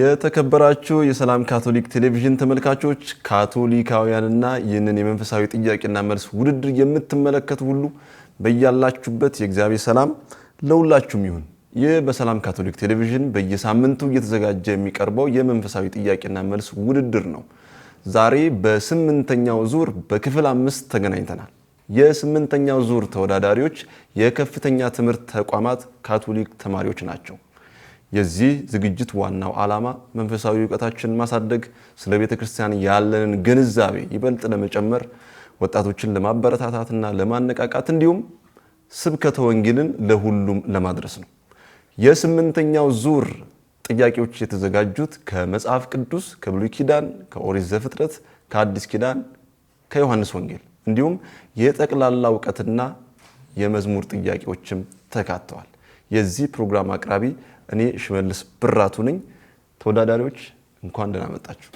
የተከበራችሁ የሰላም ካቶሊክ ቴሌቪዥን ተመልካቾች፣ ካቶሊካውያንና ይህንን የመንፈሳዊ ጥያቄና መልስ ውድድር የምትመለከቱ ሁሉ በያላችሁበት የእግዚአብሔር ሰላም ለሁላችሁም ይሁን። ይህ በሰላም ካቶሊክ ቴሌቪዥን በየሳምንቱ እየተዘጋጀ የሚቀርበው የመንፈሳዊ ጥያቄና መልስ ውድድር ነው። ዛሬ በስምንተኛው ዙር በክፍል አምስት ተገናኝተናል። የስምንተኛው ዙር ተወዳዳሪዎች የከፍተኛ ትምህርት ተቋማት ካቶሊክ ተማሪዎች ናቸው። የዚህ ዝግጅት ዋናው ዓላማ መንፈሳዊ እውቀታችንን ማሳደግ፣ ስለ ቤተ ክርስቲያን ያለንን ግንዛቤ ይበልጥ ለመጨመር፣ ወጣቶችን ለማበረታታትና ለማነቃቃት እንዲሁም ስብከተ ወንጌልን ለሁሉም ለማድረስ ነው። የስምንተኛው ዙር ጥያቄዎች የተዘጋጁት ከመጽሐፍ ቅዱስ ከብሉይ ኪዳን፣ ከኦሪት ዘፍጥረት፣ ከአዲስ ኪዳን፣ ከዮሐንስ ወንጌል እንዲሁም የጠቅላላ እውቀትና የመዝሙር ጥያቄዎችም ተካተዋል። የዚህ ፕሮግራም አቅራቢ እኔ ሽመልስ ብራቱ ነኝ። ተወዳዳሪዎች እንኳን ደህና መጣችሁ፣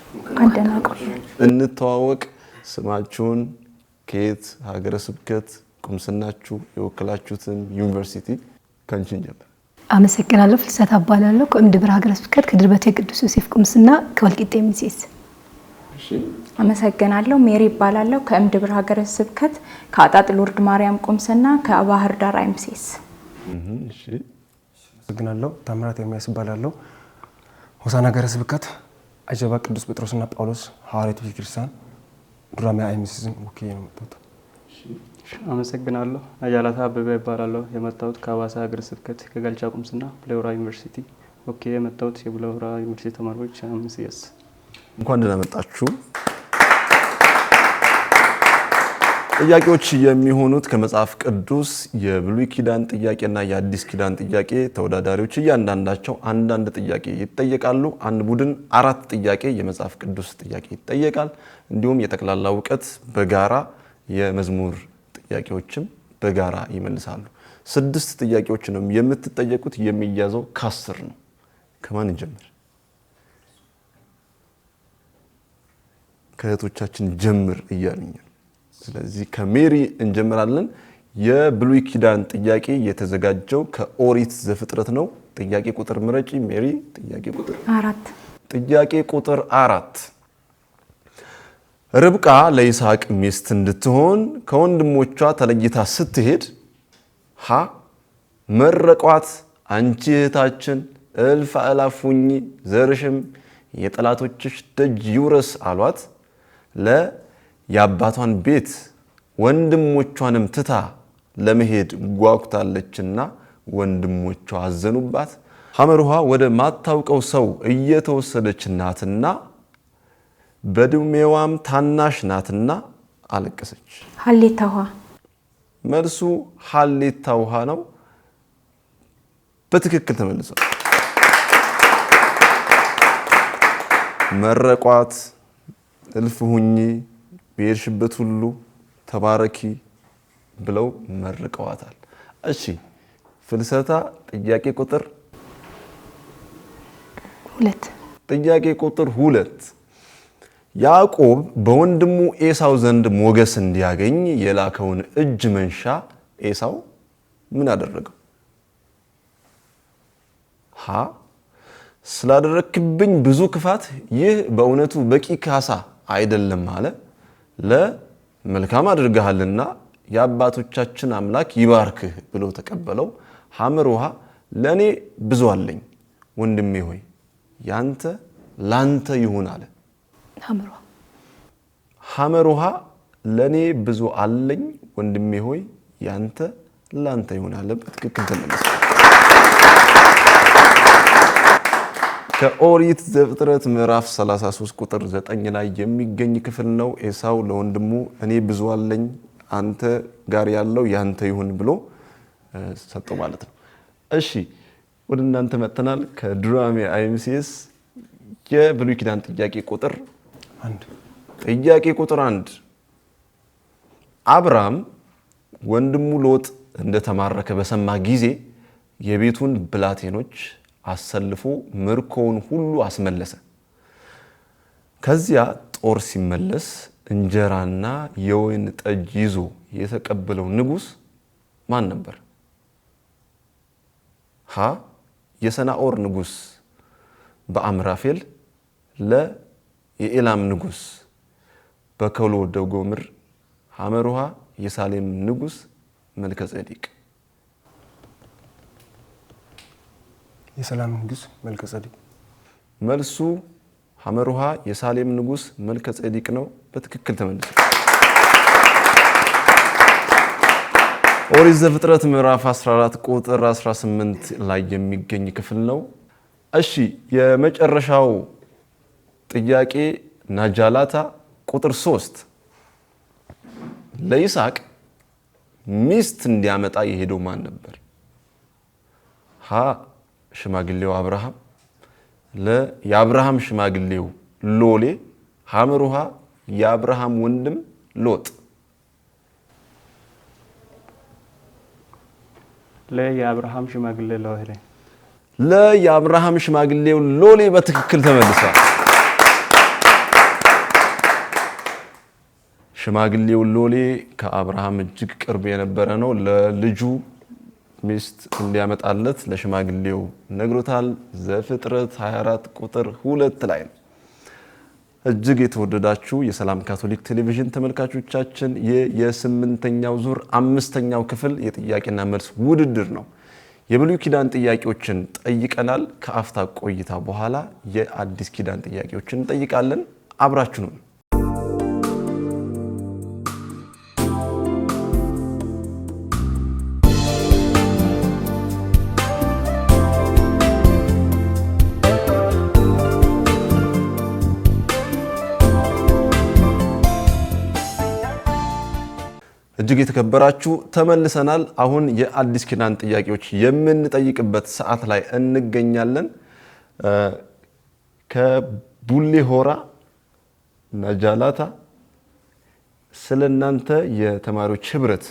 እንተዋወቅ። ስማችሁን፣ ከየት ሀገረ ስብከት፣ ቁምስናችሁ፣ የወክላችሁትን ዩኒቨርሲቲ ከንችን ጀምር። አመሰግናለሁ። ፍልሰት አባላለሁ። ከእምድብር ሀገረ ስብከት ከድርበት የቅዱስ ዮሴፍ ቁምስና ከወልቂጤ ምሴስ አመሰግናለሁ። ሜሪ ይባላለሁ። ከእምድብር ሀገረ ስብከት ከአጣጥ ሎርድ ማርያም ቁምስና ከባህር ዳር አይምሴስ አመሰግናለሁ። ታምራት ኤርሚያስ እባላለሁ። ሆሳዕና ሀገረ ስብከት አጀባ ቅዱስ ጴጥሮስና ጳውሎስ ሐዋርያት ቤተ ክርስቲያን ዱራሜ አይምስዝን ወክዬ ነው የመጣሁት። አመሰግናለሁ። አያላታ አበበ እባላለሁ። የመጣሁት ከአዋሳ ሀገረ ስብከት ከጋልቻ ቁምስና ቡሌሆራ ዩኒቨርሲቲ ወክዬ የመጣሁት የቡሌሆራ ዩኒቨርሲቲ ተማሪዎች አምስት የስ እንኳን ደህና መጣችሁ። ጥያቄዎች የሚሆኑት ከመጽሐፍ ቅዱስ የብሉይ ኪዳን ጥያቄና የአዲስ ኪዳን ጥያቄ ተወዳዳሪዎች እያንዳንዳቸው አንዳንድ ጥያቄ ይጠየቃሉ። አንድ ቡድን አራት ጥያቄ የመጽሐፍ ቅዱስ ጥያቄ ይጠየቃል። እንዲሁም የጠቅላላ እውቀት በጋራ የመዝሙር ጥያቄዎችም በጋራ ይመልሳሉ። ስድስት ጥያቄዎች ነው የምትጠየቁት። የሚያዘው ከአስር ነው። ከማን እንጀምር? ከእህቶቻችን ጀምር እያሉኛል ስለዚህ ከሜሪ እንጀምራለን። የብሉይ ኪዳን ጥያቄ የተዘጋጀው ከኦሪት ዘፍጥረት ነው። ጥያቄ ቁጥር ምረጪ ሜሪ። ጥያቄ ቁጥር አራት ጥያቄ ቁጥር አራት ርብቃ ለይስሐቅ ሚስት እንድትሆን ከወንድሞቿ ተለይታ ስትሄድ ሀ መረቋት፣ አንቺ እህታችን እልፍ አእላፍ ዘርሽም የጠላቶችሽ ደጅ ይውረስ አሏት። ለ የአባቷን ቤት ወንድሞቿንም ትታ ለመሄድ ጓጉታለችና ወንድሞቿ አዘኑባት። ሐመርሃ ወደ ማታውቀው ሰው እየተወሰደች ናትና በድሜዋም ታናሽ ናትና አለቀሰች። ሀሌታ ውሃ መልሱ ሀሌታ ውሃ ነው። በትክክል ተመልሷል። መረቋት እልፍ ሁኚ በሄድሽበት ሁሉ ተባረኪ ብለው መርቀዋታል። እሺ ፍልሰታ ጥያቄ ቁጥር ሁለት ጥያቄ ቁጥር ሁለት ያዕቆብ በወንድሙ ኤሳው ዘንድ ሞገስ እንዲያገኝ የላከውን እጅ መንሻ ኤሳው ምን አደረገው? ሀ ስላደረክብኝ ብዙ ክፋት ይህ በእውነቱ በቂ ካሳ አይደለም አለ። ለመልካም አድርገሃልና የአባቶቻችን አምላክ ይባርክህ ብሎ ተቀበለው። ሐመር ውሃ ለእኔ ብዙ አለኝ ወንድሜ ሆይ ያንተ ላንተ ይሁን አለ። ሐመር ውሃ ለእኔ ብዙ አለኝ ወንድሜ ሆይ ያንተ ላንተ ይሁን አለ። በትክክል ተመለሰ። ከኦሪት ዘፍጥረት ምዕራፍ 33 ቁጥር 9 ላይ የሚገኝ ክፍል ነው። ኤሳው ለወንድሙ እኔ ብዙ አለኝ አንተ ጋር ያለው ያንተ ይሁን ብሎ ሰጠው ማለት ነው። እሺ ወደ እናንተ መጥተናል። ከዱራሜ አይምሲስ የብሉይ ኪዳን ጥያቄ ቁጥር አንድ ጥያቄ ቁጥር አንድ አብራም ወንድሙ ሎጥ እንደተማረከ በሰማ ጊዜ የቤቱን ብላቴኖች አሰልፎ ምርኮውን ሁሉ አስመለሰ። ከዚያ ጦር ሲመለስ እንጀራና የወይን ጠጅ ይዞ የተቀበለው ንጉሥ ማን ነበር? ሀ የሰናኦር ንጉሥ በአምራፌል፣ ለ የኤላም ንጉሥ በከሎ ደጎምር፣ ሐመር ውሃ የሳሌም ንጉሥ መልከ የሰላም ንጉስ መልከ ጸዲቅ። መልሱ ሐመሩሃ የሳሌም ንጉስ መልከ ጸዲቅ ነው። በትክክል ተመልሶ ኦሪት ዘፍጥረት ምዕራፍ 14 ቁጥር 18 ላይ የሚገኝ ክፍል ነው። እሺ የመጨረሻው ጥያቄ ናጃላታ ቁጥር 3 ለይስሐቅ ሚስት እንዲያመጣ የሄደው ማን ነበር? ሃ ሽማግሌው አብርሃም የአብርሃም ሽማግሌው ሎሌ ሐምሩሃ ውሃ የአብርሃም ወንድም ሎጥ ለየአብርሃም ሽማግሌ ሎሌ ለየአብርሃም ሽማግሌው ሎሌ በትክክል ተመልሷል። ሽማግሌው ሎሌ ከአብርሃም እጅግ ቅርብ የነበረ ነው። ለልጁ ሚስት እንዲያመጣለት ለሽማግሌው ነግሮታል። ዘፍጥረት 24 ቁጥር ሁለት ላይ ነው። እጅግ የተወደዳችሁ የሰላም ካቶሊክ ቴሌቪዥን ተመልካቾቻችን ይህ የስምንተኛው ዙር አምስተኛው ክፍል የጥያቄና መልስ ውድድር ነው። የብሉይ ኪዳን ጥያቄዎችን ጠይቀናል። ከአፍታ ቆይታ በኋላ የአዲስ ኪዳን ጥያቄዎችን እንጠይቃለን። አብራችሁን እጅግ የተከበራችሁ ተመልሰናል። አሁን የአዲስ ኪዳን ጥያቄዎች የምንጠይቅበት ሰዓት ላይ እንገኛለን። ከቡሌ ሆራ ነጃላታ ስለ እናንተ የተማሪዎች ህብረት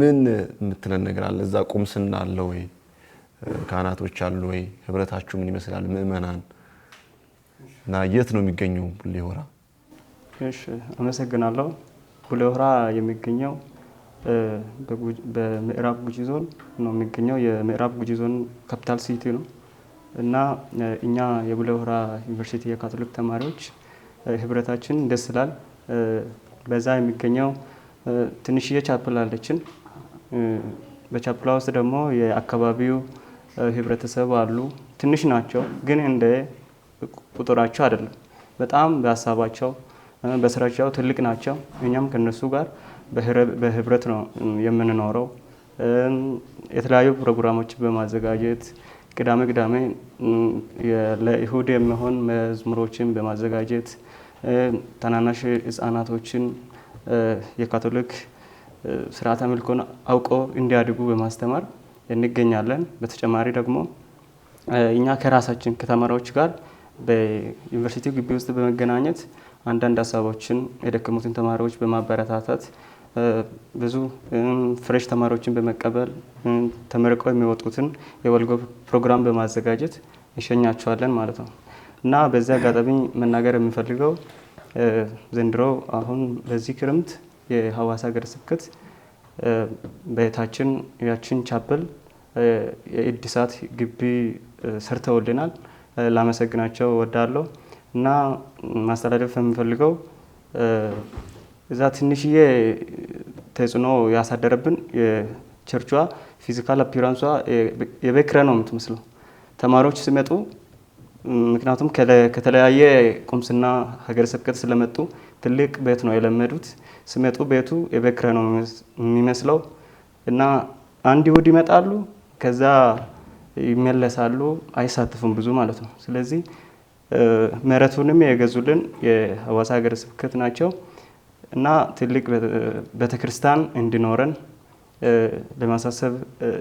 ምን የምትለን ነገር አለ? እዛ ቁምስና አለ ወይ? ካህናቶች አሉ ወይ? ህብረታችሁ ምን ይመስላል? ምእመናን እና የት ነው የሚገኘው? ቡሌ ሆራ። አመሰግናለሁ። ሁለሆራ የሚገኘው በምዕራብ ጉጂ ዞን ነው የሚገኘው። የምዕራብ ጉጂ ዞን ካፒታል ሲቲ ነው እና እኛ የቡሌሆራ ዩኒቨርሲቲ የካቶሊክ ተማሪዎች ህብረታችን ደስ ይላል። በዛ የሚገኘው ትንሽዬ ቻፕል አለችን። በቻፕላ ውስጥ ደግሞ የአካባቢው ህብረተሰብ አሉ። ትንሽ ናቸው፣ ግን እንደ ቁጥራቸው አይደለም። በጣም በሀሳባቸው በስራቸው ትልቅ ናቸው። እኛም ከነሱ ጋር በህብረት ነው የምንኖረው። የተለያዩ ፕሮግራሞች በማዘጋጀት ቅዳሜ ቅዳሜ ለእሁድ የሚሆን መዝሙሮችን በማዘጋጀት ታናናሽ ህጻናቶችን የካቶሊክ ስርዓተ አምልኮን አውቆ እንዲያድጉ በማስተማር እንገኛለን። በተጨማሪ ደግሞ እኛ ከራሳችን ከተማሪዎች ጋር በዩኒቨርሲቲ ግቢ ውስጥ በመገናኘት አንዳንድ ሀሳቦችን የደከሙትን ተማሪዎች በማበረታታት ብዙ ፍሬሽ ተማሪዎችን በመቀበል ተመርቀው የሚወጡትን የወልጎ ፕሮግራም በማዘጋጀት እንሸኛቸዋለን ማለት ነው እና በዚህ አጋጣሚ መናገር የምፈልገው ዘንድሮ አሁን በዚህ ክርምት የሀዋሳ ሀገረ ስብከት በታችን ያችን ቻፕል የእድሳት ግቢ ሰርተውልናል። ላመሰግናቸው ወዳለሁ። እና ማስተላለፍ የምፈልገው እዛ ትንሽዬ ተጽዕኖ ያሳደረብን የቸርቿ ፊዚካል አፒራንሷ የበክረ ነው የምትመስለው ተማሪዎች ሲመጡ ምክንያቱም ከተለያየ ቁምስና ሀገረ ስብከት ስለመጡ ትልቅ ቤት ነው የለመዱት። ስመጡ ቤቱ የበክረ ነው የሚመስለው እና አንድ ይሁድ ይመጣሉ፣ ከዛ ይመለሳሉ፣ አይሳተፉም ብዙ ማለት ነው። ስለዚህ መሬቱንም የገዙልን የሀዋሳ ሀገረ ስብከት ናቸው እና ትልቅ ቤተክርስቲያን እንዲኖረን ለማሳሰብ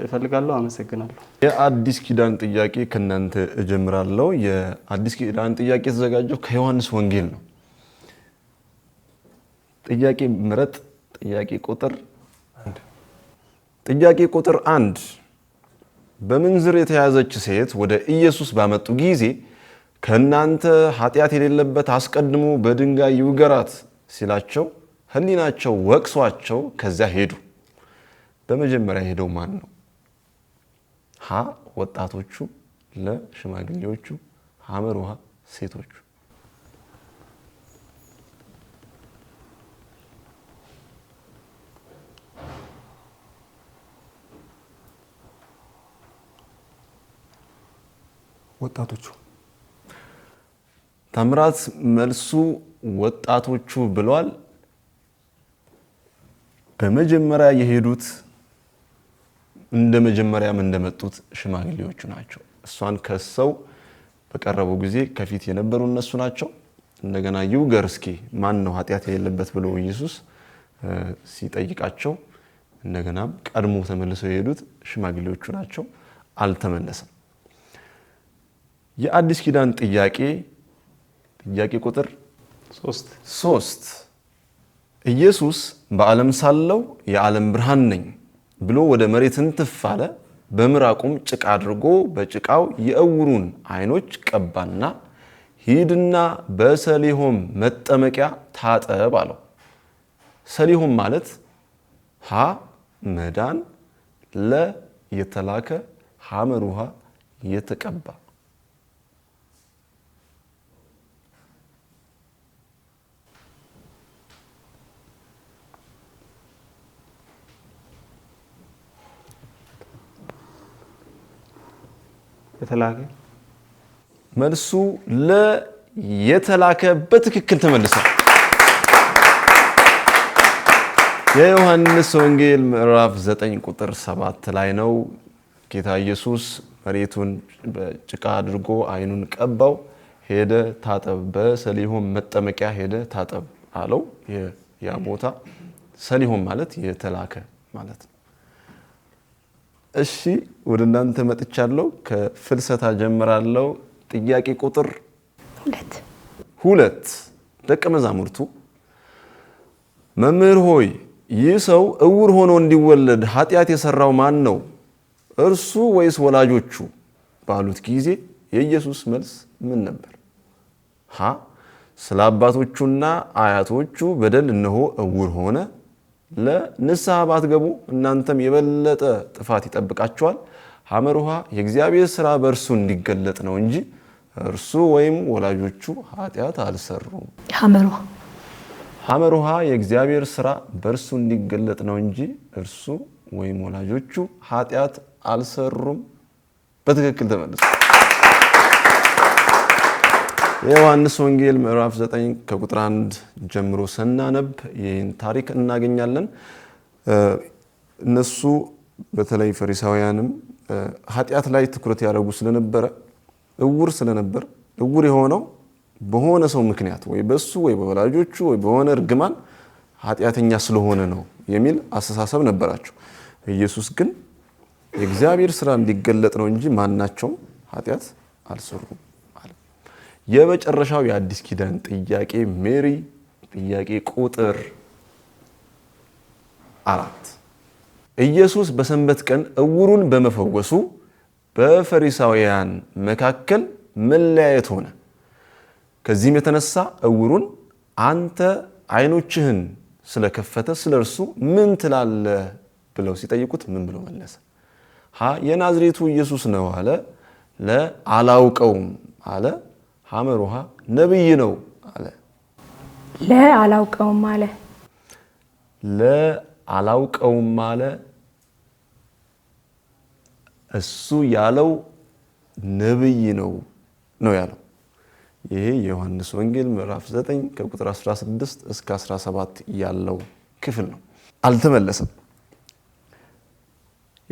እፈልጋለሁ። አመሰግናለሁ። የአዲስ ኪዳን ጥያቄ ከእናንተ እጀምራለሁ። የአዲስ ኪዳን ጥያቄ የተዘጋጀው ከዮሐንስ ወንጌል ነው። ጥያቄ ምረጥ። ጥያቄ ቁጥር ጥያቄ ቁጥር አንድ በምንዝር የተያዘች ሴት ወደ ኢየሱስ ባመጡ ጊዜ ከእናንተ ኃጢአት የሌለበት አስቀድሞ በድንጋይ ይውገራት ሲላቸው ህሊናቸው ወቅሷቸው ከዚያ ሄዱ። በመጀመሪያ ሄደው ማን ነው? ሀ ወጣቶቹ፣ ለሽማግሌዎቹ፣ ሐመር ውሃ ሴቶቹ። ወጣቶቹ ተምራት መልሱ ወጣቶቹ ብሏል። በመጀመሪያ የሄዱት እንደ መጀመሪያም እንደመጡት ሽማግሌዎቹ ናቸው። እሷን ከሰው በቀረበው ጊዜ ከፊት የነበሩ እነሱ ናቸው። እንደገና ይውገር እስኪ ማን ነው ኃጢአት የሌለበት ብሎ ኢየሱስ ሲጠይቃቸው እንደገናም ቀድሞ ተመልሰው የሄዱት ሽማግሌዎቹ ናቸው። አልተመለሰም። የአዲስ ኪዳን ጥያቄ ጥያቄ ቁጥር ሶስት ኢየሱስ በዓለም ሳለው የዓለም ብርሃን ነኝ ብሎ ወደ መሬት እንትፍ አለ። በምራቁም ጭቃ አድርጎ በጭቃው የእውሩን ዓይኖች ቀባና ሂድና በሰሊሆም መጠመቂያ ታጠብ አለው። ሰሊሆም ማለት ሀ መዳን ለ የተላከ ሐመር ውሃ የተቀባ የተላከ መልሱ ለየተላከ በትክክል ተመልሷል። የዮሐንስ ወንጌል ምዕራፍ 9 ቁጥር 7 ላይ ነው። ጌታ ኢየሱስ መሬቱን በጭቃ አድርጎ አይኑን ቀባው። ሄደ ታጠብ፣ በሰሊሆም መጠመቂያ ሄደ ታጠብ አለው። ያ ቦታ ሰሊሆም ማለት የተላከ ማለት ነው። እሺ ወደ እናንተ መጥቻለሁ። ከፍልሰታ ጀምራለሁ። ጥያቄ ቁጥር ሁለት ሁለት ደቀ መዛሙርቱ መምህር ሆይ ይህ ሰው እውር ሆኖ እንዲወለድ ኃጢአት የሰራው ማን ነው? እርሱ ወይስ ወላጆቹ ባሉት ጊዜ የኢየሱስ መልስ ምን ነበር? ሀ ስለ አባቶቹና አያቶቹ በደል እነሆ እውር ሆነ ለንስሐ ባትገቡ እናንተም የበለጠ ጥፋት ይጠብቃችኋል። ሐመር ውሃ የእግዚአብሔር ስራ በእርሱ እንዲገለጥ ነው እንጂ እርሱ ወይም ወላጆቹ ኃጢአት አልሰሩም። ሐመር ውሃ የእግዚአብሔር ስራ በእርሱ እንዲገለጥ ነው እንጂ እርሱ ወይም ወላጆቹ ኃጢአት አልሰሩም። በትክክል ተመልሶ የዮሐንስ ወንጌል ምዕራፍ 9 ከቁጥር 1 ጀምሮ ስናነብ ይህን ታሪክ እናገኛለን። እነሱ በተለይ ፈሪሳውያንም ኃጢአት ላይ ትኩረት ያደረጉ ስለነበረ እውር ስለነበር እውር የሆነው በሆነ ሰው ምክንያት ወይ በሱ ወይ በወላጆቹ ወይ በሆነ እርግማን ኃጢአተኛ ስለሆነ ነው የሚል አስተሳሰብ ነበራቸው። ኢየሱስ ግን የእግዚአብሔር ስራ እንዲገለጥ ነው እንጂ ማናቸውም ኃጢአት አልሰሩም። የመጨረሻው የአዲስ ኪዳን ጥያቄ ሜሪ ጥያቄ ቁጥር አራት ኢየሱስ በሰንበት ቀን እውሩን በመፈወሱ በፈሪሳውያን መካከል መለያየት ሆነ። ከዚህም የተነሳ እውሩን አንተ ዓይኖችህን ስለከፈተ ስለ እርሱ ምን ትላለህ ብለው ሲጠይቁት ምን ብሎ መለሰ? ሀ የናዝሬቱ ኢየሱስ ነው አለ። ለ አላውቀውም አለ ሐመር ውሃ ነብይ ነው አለ። ለአላውቀውም አለ። ለአላውቀውም አለ። እሱ ያለው ነብይ ነው ነው ያለው። ይሄ የዮሐንስ ወንጌል ምዕራፍ 9 ከቁጥር 16 እስከ 17 ያለው ክፍል ነው። አልተመለሰም።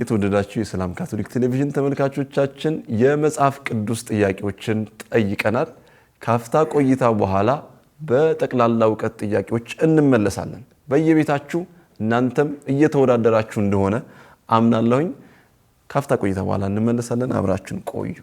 የተወደዳችሁ የሰላም ካቶሊክ ቴሌቪዥን ተመልካቾቻችን የመጽሐፍ ቅዱስ ጥያቄዎችን ጠይቀናል። ካፍታ ቆይታ በኋላ በጠቅላላ እውቀት ጥያቄዎች እንመለሳለን። በየቤታችሁ እናንተም እየተወዳደራችሁ እንደሆነ አምናለሁኝ። ካፍታ ቆይታ በኋላ እንመለሳለን። አብራችን ቆዩ።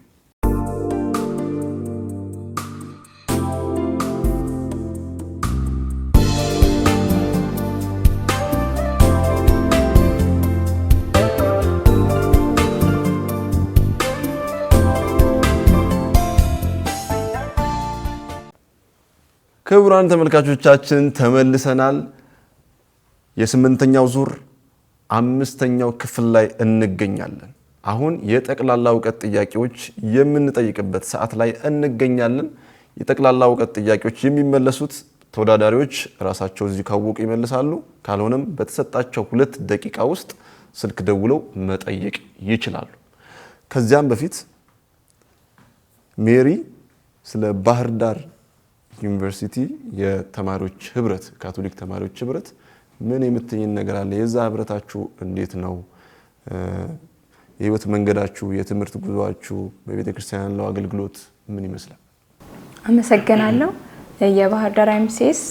ክቡራን ተመልካቾቻችን ተመልሰናል። የስምንተኛው ዙር አምስተኛው ክፍል ላይ እንገኛለን። አሁን የጠቅላላ እውቀት ጥያቄዎች የምንጠይቅበት ሰዓት ላይ እንገኛለን። የጠቅላላ እውቀት ጥያቄዎች የሚመለሱት ተወዳዳሪዎች ራሳቸው እዚህ ካወቁ ይመልሳሉ። ካልሆነም በተሰጣቸው ሁለት ደቂቃ ውስጥ ስልክ ደውለው መጠየቅ ይችላሉ። ከዚያም በፊት ሜሪ ስለ ባህር ዳር ዩኒቨርሲቲ የተማሪዎች ህብረት ካቶሊክ ተማሪዎች ህብረት ምን የምትኝን ነገር አለ? የዛ ህብረታችሁ እንዴት ነው? የህይወት መንገዳችሁ፣ የትምህርት ጉዞችሁ በቤተ ክርስቲያን ያለው አገልግሎት ምን ይመስላል? አመሰግናለሁ። የባህር ዳር አይምሴስ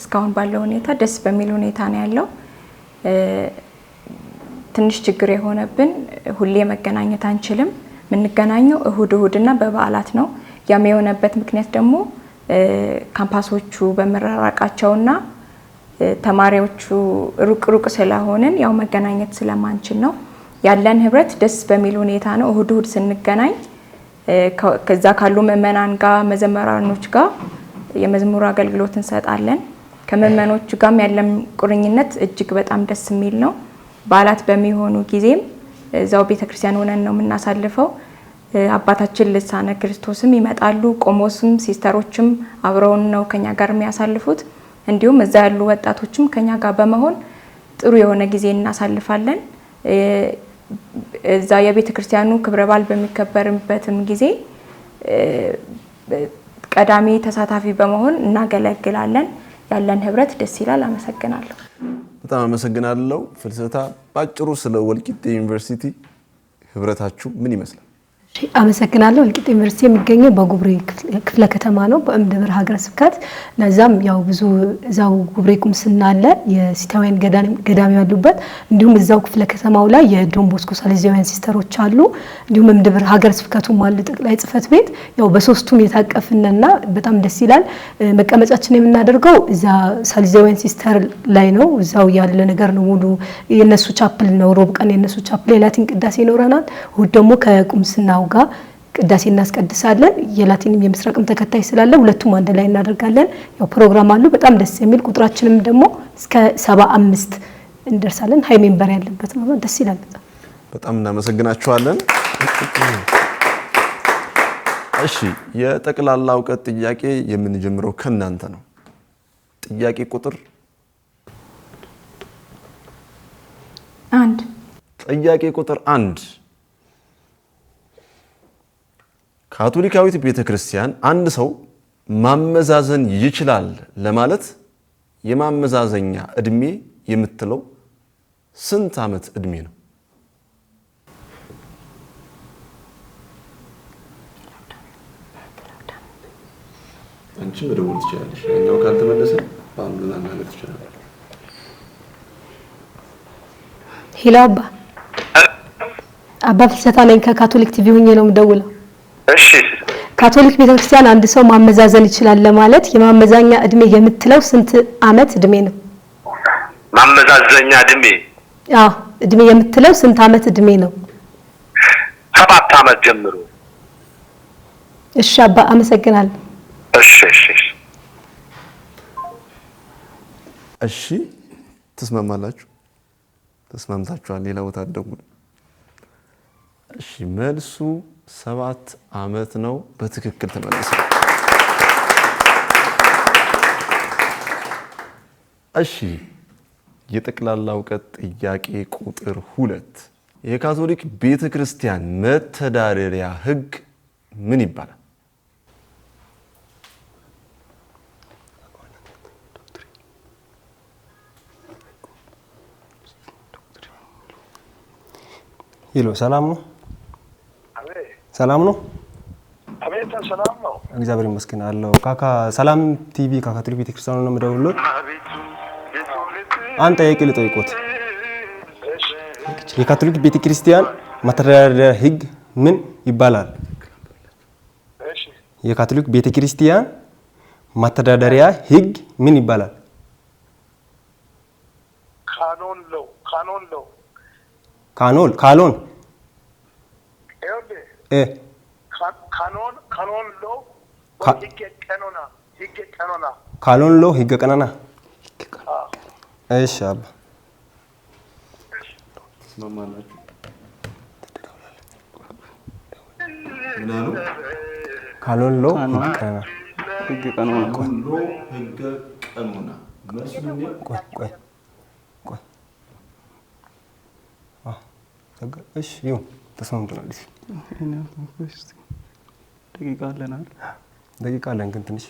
እስካሁን ባለው ሁኔታ ደስ በሚል ሁኔታ ነው ያለው። ትንሽ ችግር የሆነብን ሁሌ መገናኘት አንችልም። የምንገናኘው እሁድ እሁድና በበዓላት ነው። ያም የሆነበት ምክንያት ደግሞ ካምፓሶቹ በመራራቃቸውና ተማሪዎቹ ሩቅ ሩቅ ስለሆንን ያው መገናኘት ስለማንችል ነው ያለን ህብረት ደስ በሚል ሁኔታ ነው። እሁድ እሁድ ስንገናኝ ከዛ ካሉ ምእመናን ጋር መዘመራኖች ጋር የመዝሙር አገልግሎት እንሰጣለን። ከምዕመኖቹ ጋም ያለን ቁርኝነት እጅግ በጣም ደስ የሚል ነው። በዓላት በሚሆኑ ጊዜም እዛው ቤተክርስቲያን ሆነን ነው የምናሳልፈው። አባታችን ልሳነ ክርስቶስም ይመጣሉ። ቆሞስም ሲስተሮችም አብረውን ነው ከኛ ጋር የሚያሳልፉት። እንዲሁም እዛ ያሉ ወጣቶችም ከኛ ጋር በመሆን ጥሩ የሆነ ጊዜ እናሳልፋለን። እዛ የቤተ ክርስቲያኑ ክብረ በዓል በሚከበርበትም ጊዜ ቀዳሚ ተሳታፊ በመሆን እናገለግላለን። ያለን ህብረት ደስ ይላል። አመሰግናለሁ። በጣም አመሰግናለሁ። ፍልሰታ በአጭሩ ስለ ወልቂጤ ዩኒቨርሲቲ ህብረታችሁ ምን ይመስላል? አመሰግናለሁ። ወልቂጤ ዩኒቨርሲቲ የሚገኘው በጉብሬ ክፍለ ከተማ ነው፣ በእምድ ብር ሀገረ ስብከት። ለዛም ያው ብዙ እዛው ጉብሬ ቁምስና አለ፣ የሲታውያን ገዳሚ ያሉበት፣ እንዲሁም እዛው ክፍለ ከተማው ላይ የዶንቦስኮ ሳሌዚያውያን ሲስተሮች አሉ፣ እንዲሁም እምድ ብር ሀገረ ስብከቱም አለ ጠቅላይ ጽሕፈት ቤት። ያው በሶስቱም የታቀፍንና በጣም ደስ ይላል። መቀመጫችን የምናደርገው እዛ ሳሌዚያውያን ሲስተር ላይ ነው፣ እዛው ያለ ነገር ነው። ሙሉ የነሱ ቻፕል ነው፣ ሮብ ቀን የነሱ ቻፕል የላቲን ቅዳሴ ይኖረናል። እሑድ ደግሞ ከቁምስና ከንስሐው ጋር ቅዳሴ እናስቀድሳለን። የላቲንም የምስራቅም ተከታይ ስላለ ሁለቱም አንድ ላይ እናደርጋለን። ያው ፕሮግራም አሉ በጣም ደስ የሚል ቁጥራችንም ደግሞ እስከ ሰባ አምስት እንደርሳለን። ሀይ ሜምበር ያለበት ነው። ደስ ይላል። በጣም እናመሰግናችኋለን። እሺ የጠቅላላ እውቀት ጥያቄ የምንጀምረው ከእናንተ ነው። ጥያቄ ቁጥር አንድ ጥያቄ ቁጥር አንድ ካቶሊካዊት ቤተ ክርስቲያን አንድ ሰው ማመዛዘን ይችላል ለማለት የማመዛዘኛ እድሜ የምትለው ስንት ዓመት እድሜ ነው? አንቺ መደወል ትችላለሽ። እኛው ካልተመለሰ ሄሎ አባ አባ ፍልሰታ ነኝ። ከካቶሊክ ቲቪ ሁኜ ነው የምደውለው። ካቶሊክ ቤተክርስቲያን አንድ ሰው ማመዛዘን ይችላል ለማለት የማመዛኛ እድሜ የምትለው ስንት አመት እድሜ ነው? ማመዛዘኛ እድሜ አዎ፣ እድሜ የምትለው ስንት አመት እድሜ ነው? ሰባት አመት ጀምሮ። እሺ አባ አመሰግናለሁ። እሺ እሺ እሺ። ትስማማላችሁ? ተስማምታችኋል። ሌላ ቦታ አደጉ። እሺ መልሱ ሰባት ዓመት ነው። በትክክል ተመለሰ። እሺ የጠቅላላ እውቀት ጥያቄ ቁጥር ሁለት የካቶሊክ ቤተ ክርስቲያን መተዳደሪያ ህግ ምን ይባላል? ሄሎ፣ ሰላም ነው። ሰላም ነው? አቤት ሰላም ነው። እግዚአብሔር ይመስገን አለው። ካካ ሰላም ቲቪ ካካ ቲቪ ቤተክርስቲያኑ ነው የምደውልልዎት። አንድ ጥያቄ ልጠይቅዎት። የካቶሊክ ቤተክርስቲያን መተዳደሪያ ህግ ምን ይባላል? የካቶሊክ ቤተክርስቲያን መተዳደሪያ ህግ ምን ይባላል? ካኖን ካኖን ካኖን ሎ ህገ ቀኖና። እሺ አባ ካሎን ሎ ህገ ቀኖና ተስማምተናል። ደቂቃ አለናል። ደቂቃ አለን ግን ትንሽ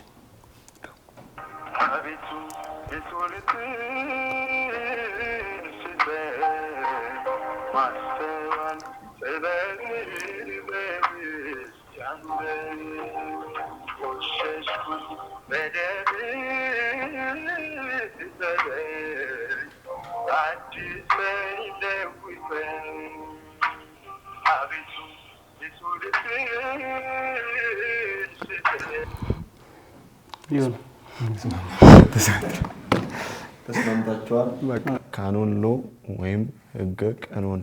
ተስማምታችኋል። ካኖን ሎ ወይም ህገ ቀኖና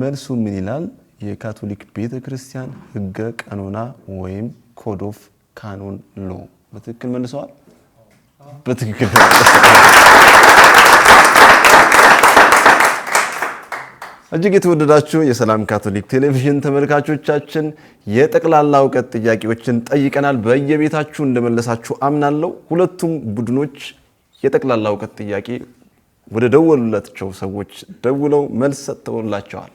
መልሱ ምን ይላል? የካቶሊክ ቤተ ክርስቲያን ህገ ቀኖና ወይም ኮድ ኦፍ ካኖን ሎ። በትክክል መልሰዋል። በትክክል እጅግ የተወደዳችሁ የሰላም ካቶሊክ ቴሌቪዥን ተመልካቾቻችን የጠቅላላ እውቀት ጥያቄዎችን ጠይቀናል። በየቤታችሁ እንደመለሳችሁ አምናለሁ። ሁለቱም ቡድኖች የጠቅላላ እውቀት ጥያቄ ወደ ደወሉላቸው ሰዎች ደውለው መልስ ሰጥተውላቸዋል።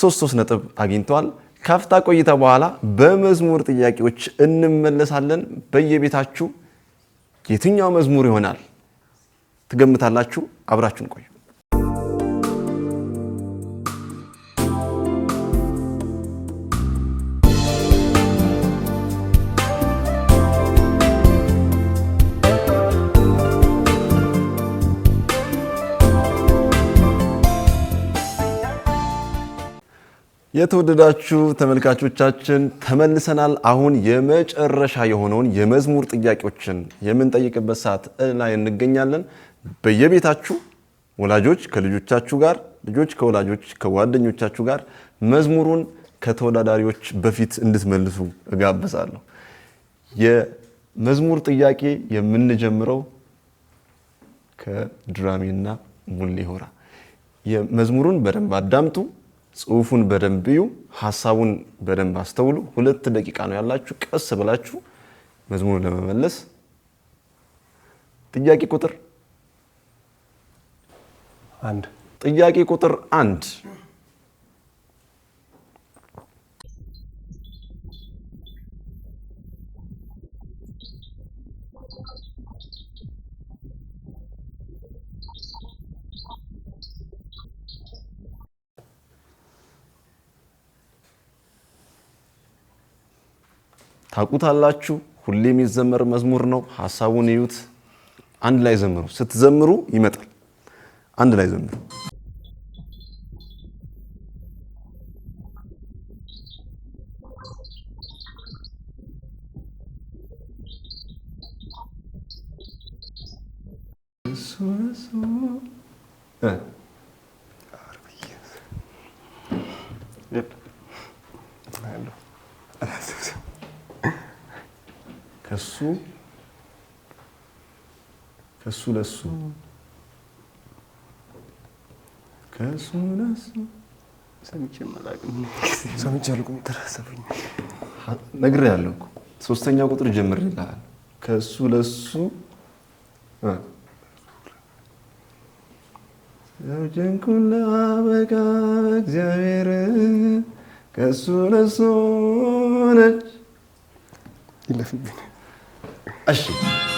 ሶስት ሶስት ነጥብ አግኝተዋል። ካፍታ ቆይታ በኋላ በመዝሙር ጥያቄዎች እንመለሳለን። በየቤታችሁ የትኛው መዝሙር ይሆናል ትገምታላችሁ? አብራችሁን ቆዩ። የተወደዳችሁ ተመልካቾቻችን ተመልሰናል። አሁን የመጨረሻ የሆነውን የመዝሙር ጥያቄዎችን የምንጠይቅበት ሰዓት ላይ እንገኛለን። በየቤታችሁ ወላጆች ከልጆቻችሁ ጋር፣ ልጆች ከወላጆች ከጓደኞቻችሁ ጋር መዝሙሩን ከተወዳዳሪዎች በፊት እንድትመልሱ እጋብዛለሁ። የመዝሙር ጥያቄ የምንጀምረው ከድራሜና ሙሌ ሆራ። የመዝሙሩን በደንብ አዳምጡ። ጽሁፉን በደንብ እዩ፣ ሀሳቡን በደንብ አስተውሉ። ሁለት ደቂቃ ነው ያላችሁ። ቀስ ብላችሁ መዝሙሩ ለመመለስ ጥያቄ ቁጥር አንድ ጥያቄ ቁጥር አንድ ታቁታላችሁ። ሁሌ የሚዘመር መዝሙር ነው። ሀሳቡን እዩት። አንድ ላይ ዘምሩ። ስትዘምሩ ይመጣል። አንድ ላይ ዘምሩ። እሱ ከሱ ከሱ ለሱ ከሱ ለሱ ሰምቼ አላውቅም። ሰምቼ አልኩም ተራሰፈኝ ነግሬ ያለው እኮ ሶስተኛ ቁጥር ጀምር ይላል። ከሱ ለሱ ጀንኩን ለአበቃ እግዚአብሔር ከሱ ለሱ ነች ይለፍብኝ achei.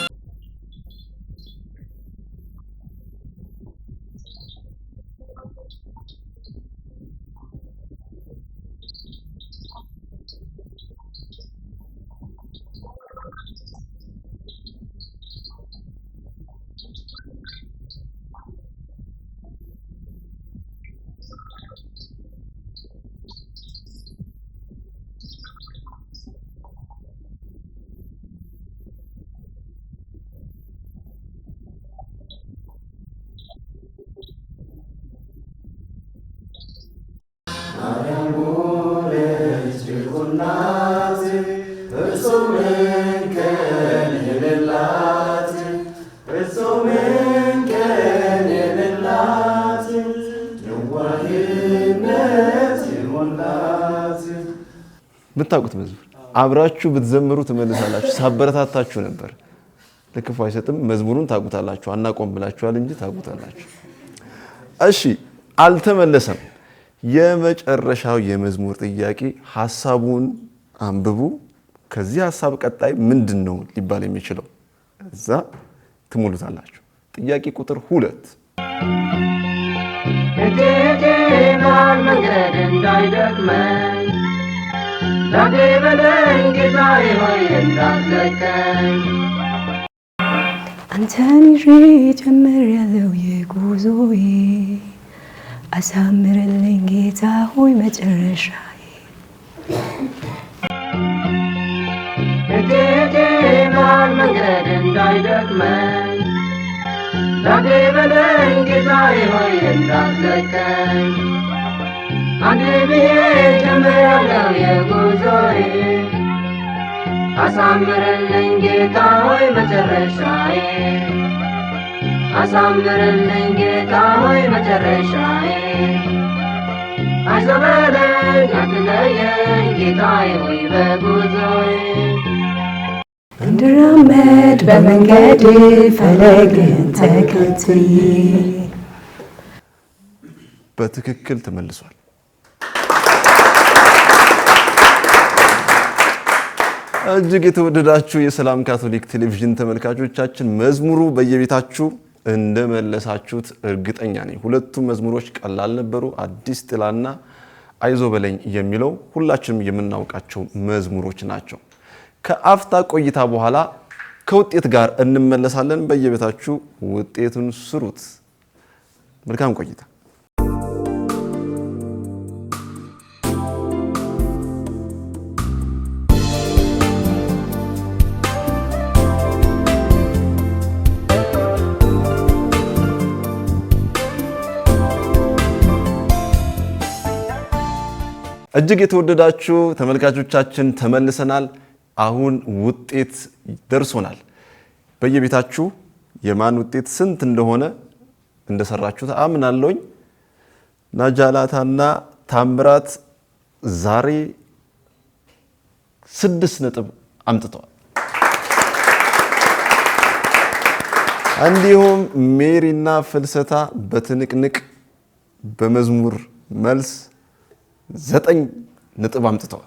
የምታውቁት መዝሙር አብራችሁ ብትዘምሩ ትመልሳላችሁ። ሳበረታታችሁ ነበር። ለክፉ አይሰጥም መዝሙሩን ታውቁታላችሁ። አናቆም ብላችኋል እንጂ ታውቁታላችሁ። እሺ፣ አልተመለሰም። የመጨረሻው የመዝሙር ጥያቄ ሀሳቡን አንብቡ። ከዚህ ሀሳብ ቀጣይ ምንድን ነው ሊባል የሚችለው እዛ ትሞሉታላችሁ። ጥያቄ ቁጥር ሁለት መንገድ እንዳይደክመን An tanniréit a meriaadhe je gozoi as ha mere lengeet a hoi met erecha. Dat ma gre en da dat man Dat even en ge da en dat le kan. አንድ ብዬ ጀምራለሁ የጉዞዬ አሳምርልኝ ጌታ ሆይ መጨረሻዬ አሳምርልኝ ጌታ ሆይ መጨረሻዬ እንድራመድ በመንገድ ተከትዬ በትክክል ተመልሷል። እጅግ የተወደዳችሁ የሰላም ካቶሊክ ቴሌቪዥን ተመልካቾቻችን መዝሙሩ በየቤታችሁ እንደመለሳችሁት እርግጠኛ ነኝ። ሁለቱም መዝሙሮች ቀላል ነበሩ። አዲስ ጥላና አይዞ በለኝ የሚለው ሁላችንም የምናውቃቸው መዝሙሮች ናቸው። ከአፍታ ቆይታ በኋላ ከውጤት ጋር እንመለሳለን። በየቤታችሁ ውጤቱን ስሩት። መልካም ቆይታ እጅግ የተወደዳችሁ ተመልካቾቻችን ተመልሰናል። አሁን ውጤት ደርሶናል። በየቤታችሁ የማን ውጤት ስንት እንደሆነ እንደሰራችሁ አምናለሁኝ። ናጃላታና ታምራት ዛሬ ስድስት ነጥብ አምጥተዋል። እንዲሁም ሜሪና ፍልሰታ በትንቅንቅ በመዝሙር መልስ ዘጠኝ ነጥብ አምጥተዋል።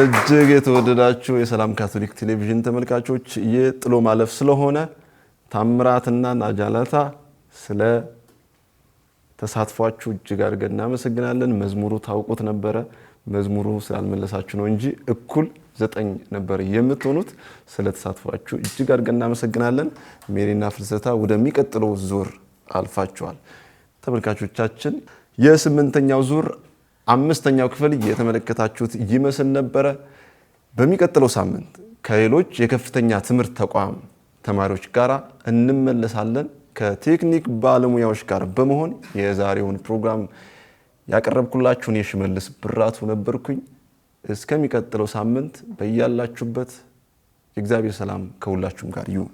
እጅግ የተወደዳችሁ የሰላም ካቶሊክ ቴሌቪዥን ተመልካቾች ይህ ጥሎ ማለፍ ስለሆነ ታምራትና ናጃላታ ስለ ተሳትፏችሁ እጅግ አድርገን እናመሰግናለን። መዝሙሩ ታውቁት ነበረ። መዝሙሩ ስላልመለሳችሁ ነው እንጂ እኩል ዘጠኝ ነበር የምትሆኑት። ስለ ተሳትፏችሁ እጅግ አድርገን እናመሰግናለን። ሜሪና ፍልሰታ ወደሚቀጥለው ዙር አልፋችኋል። ተመልካቾቻችን የስምንተኛው ዙር አምስተኛው ክፍል የተመለከታችሁት ይመስል ነበረ። በሚቀጥለው ሳምንት ከሌሎች የከፍተኛ ትምህርት ተቋም ተማሪዎች ጋር እንመለሳለን። ከቴክኒክ ባለሙያዎች ጋር በመሆን የዛሬውን ፕሮግራም ያቀረብኩላችሁን የሽመልስ ብራቱ ነበርኩኝ። እስከሚቀጥለው ሳምንት በያላችሁበት የእግዚአብሔር ሰላም ከሁላችሁም ጋር ይሁን።